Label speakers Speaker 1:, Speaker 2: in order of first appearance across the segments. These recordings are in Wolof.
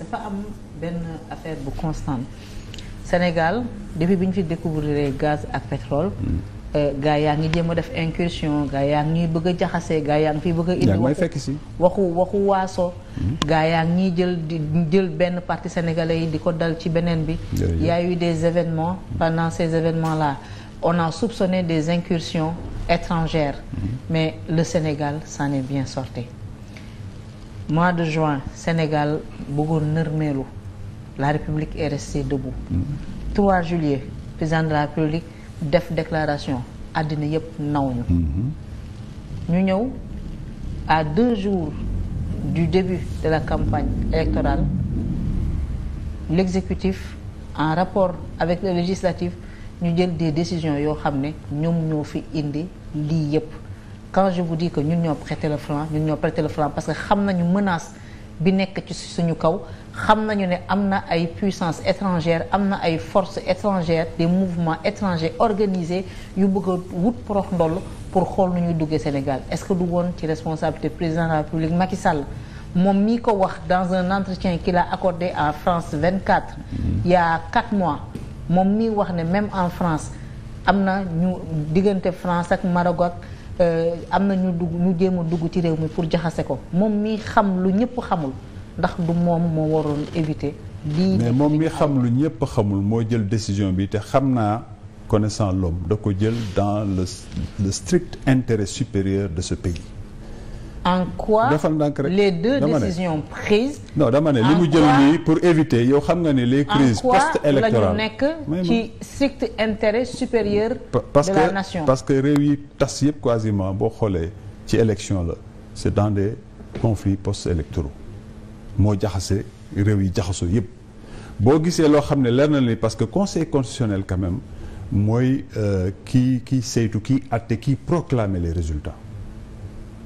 Speaker 1: dafa am benn affaire bu constante Sénégal depuis bi ñu fi découvrir gaz ak pétrole mm. euh, gaa yaa ngi jéem a def incursion gaa yaa ngi ñuy bëgg a jaxase gaa yaa ngi fiy bëgg a indi waxu waxu waxu waaso mm. gaa yaa ngi jël di jël benn partie sénégalais yi di ko dal ci beneen bi yaay y eu des événements mm. pendant ces événements là on a soupçonné des incursions étrangères mais le Sénégal s'en bien sorti mois de juin Sénégal bëggoon nërmeelu la République est restée debout. 3 mm-hmm. juillet président de la République def déclaration àddina yëpp naw ñu.
Speaker 2: Mm-hmm.
Speaker 1: ñu ñëw à deux jours du début de la campagne électorale l'exécutif en rapport avec le législatif ñu jël des décisions yoo xam ne ñoom ñoo fi indi lii yëpp. quand je vous dis ñun ñoo prêté le flanc ñun ñoo prêté le flanc parce que xam nañu menace bi nekk ci suñu kaw xam nañu ne am na ay puissances étrangères am na ay force étrangères des mouvements étrangers organisés yu bëgg a wut porox ndoll pour xool nu ñuy duggee Sénégal est-ce que du woon ci responsabilité président de la République Macky Sall moom mii ko wax dans un entretien qu'il a accordé à France 24 il y a mois moom mii wax ne même en France am na ñu diggante France ak Euh, am na ñu dugg ñu jéem a dugg ci réew mi pour jaxase ko moom mi xam lu ñëpp xamul ndax du moom moo waroon éviter.
Speaker 2: lii mais moom mi xam lu ñëpp xamul moo jël décision bi te xam naa connaissant l'homme da ko jël dans le le strict intérêt supérieur de ce pays.
Speaker 1: defal
Speaker 2: en rek les deux décisions prises. non dama ne li mu jël nii pour éviter yow xam nga ne les crises post-électorales la ñu
Speaker 1: nekk ci strict intérêt
Speaker 2: parce que parce que réew yi tas yëpp quasiment boo xoolee ci élection la c'est dans des conflits post électro moo jaxase réew yi jaxasoo yëpp. boo gisee loo xam ne leer na ni parce que conseil constitutionnel quand même mooy euh, kii kii saytu kii àtte kii proclamer les résultats.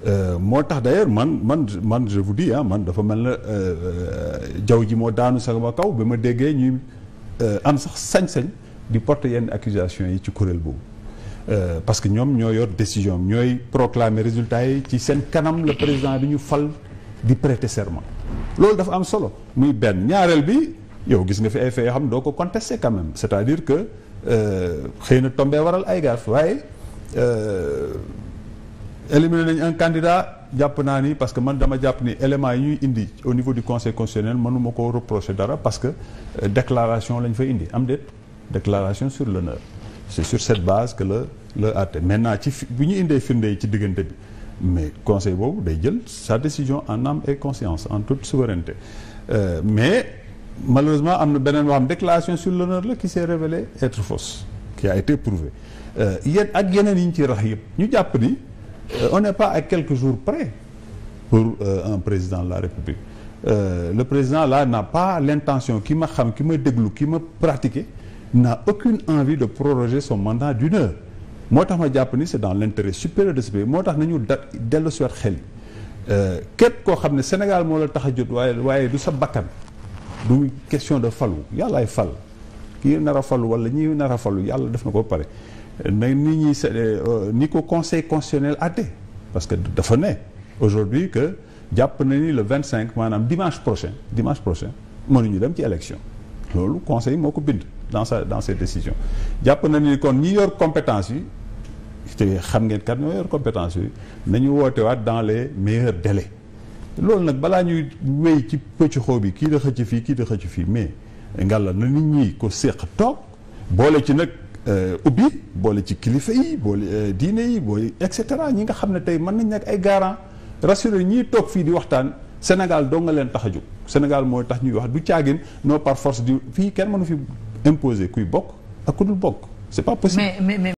Speaker 2: Euh, moo tax d'ailleurs man man man je vous dis ah man dafa mel na euh, euh, jaww ji moo daanu ma kaw bi ma déggee ñuy am sax sañ-sañ di porte yenn accusation yi ci kuréel boobu parce que ñoom ñoo yor décision ñooy proclamer résultat yi ci seen kanam le président bi ñu fal di prêter serment loolu dafa am solo muy benn ñaareel bi yow gis nga fi ay fait yoo xam ne doo ko contester quand même c'est-à-dire que xëy na tombee waral ay gaaf waaye éliminer nañ un candidat jàpp naa ni parce que man dama jàpp ni éléments yi ñuy indi au niveau du conseil constitutionnel mënuma ko reprocher dara parce que euh, déclaration lañu fay indi am déet déclaration sur l'honneur c'est sur cette base que la la àtte maintenant ci bu ñu indee firnde yi ci diggante bi mais conseil boobu day jël sa décision en âme et conscience en tout souveraineté euh, mais malheureusement am na beneen boo xam déclaration sur l'honneur la qui s'est révélée être fausse qui a été euh, ak yeneen yi ñu ci rax yëpp ñu jàpp ni. Euh, on n'est pas à quelques jours près pour euh, un président de la République euh, le président là n'a pas l'intention ki ma xam ki ma déglu ki ma pratiqué n'a aucune envie de proroger son mandat d'une moo tax ma jàpp ni c'est dans l'intérêt supérieur de ce moo tax nañu da dellu si waat xel képp koo xam ne Sénégal moo la tax a jot waaye waaye du sa bakkan du question de falu ay fal kii nar falu wala ñi nar falu yàlla def na ko pare na nit ñi euh, ni ko conseil constitutionnel atte parce que dafa ne aujourd'hui que jàpp na ni le vingt cinq maanaam dimanche prochain dimanche prochain mënuñu dem ci élection loolu conseil moo ko bind dans sa dans ses décisions jàpp na ni kon ñi yor compétence yi te xam ngeen kat ñoo yor compétence yi nañu wootewaat dans les meilleurs délais loolu nag balaa ñuy wéy ci pëccxoo bi kii da xëcc fii kii da xëcc fii mais ngalla na nit ñi ko séq toog boole ci nag Euh, ubbi boole ci kilifa yi boole euh, diine yi boole et cetera ñi nga xam ne tey mën nañ nekk ay garant rassuré ñiy toog fii di waxtaan Sénégal doo nga leen tax a Sénégal mooy tax ñuy wax du caagin non par force du fii kenn mënu fi imposer kuy bokk ak ku dul bokk c'est pas possible mais,